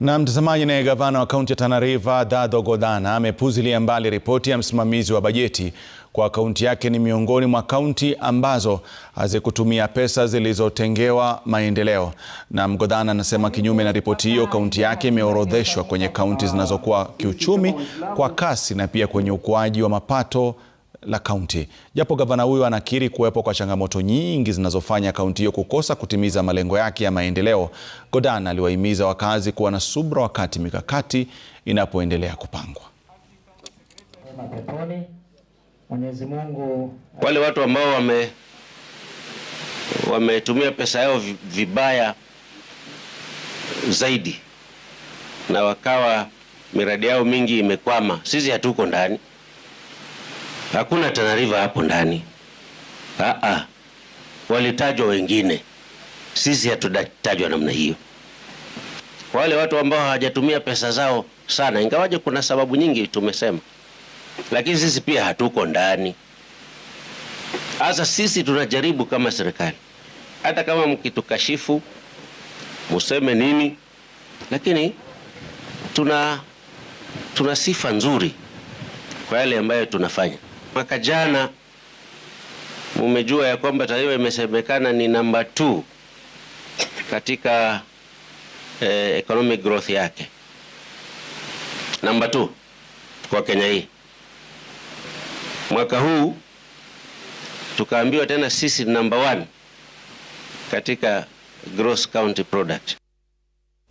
Na mtazamaji, naye gavana wa kaunti ya Tana River Dadho Godana amepuzilia mbali ripoti ya msimamizi wa bajeti kwa kaunti yake ni miongoni mwa kaunti ambazo hazikutumia pesa zilizotengewa maendeleo. Na Godana anasema kinyume na ripoti hiyo, kaunti yake imeorodheshwa kwenye kaunti zinazokuwa kiuchumi kwa kasi na pia kwenye ukuaji wa mapato la kaunti. Japo gavana huyo anakiri kuwepo kwa changamoto nyingi zinazofanya kaunti hiyo kukosa kutimiza malengo yake ya maendeleo, Godan aliwahimiza wakazi kuwa na subra wakati mikakati inapoendelea kupangwa. Wale watu ambao wame wametumia pesa yao vibaya zaidi na wakawa miradi yao mingi imekwama, sisi hatuko ndani Hakuna Tana River hapo ndani. Aa, walitajwa wengine, sisi hatutajwa namna hiyo. Wale watu ambao hawajatumia pesa zao sana, ingawaje kuna sababu nyingi tumesema, lakini sisi pia hatuko ndani. Sasa sisi tunajaribu kama serikali, hata kama mkitukashifu museme nini, lakini tuna, tuna sifa nzuri kwa yale ambayo tunafanya. Mwaka jana mumejua ya kwamba Tawiwa imesemekana ni namba 2 katika eh, economic growth yake, namba 2 kwa Kenya hii. Mwaka huu tukaambiwa tena sisi namba 1 katika gross county product.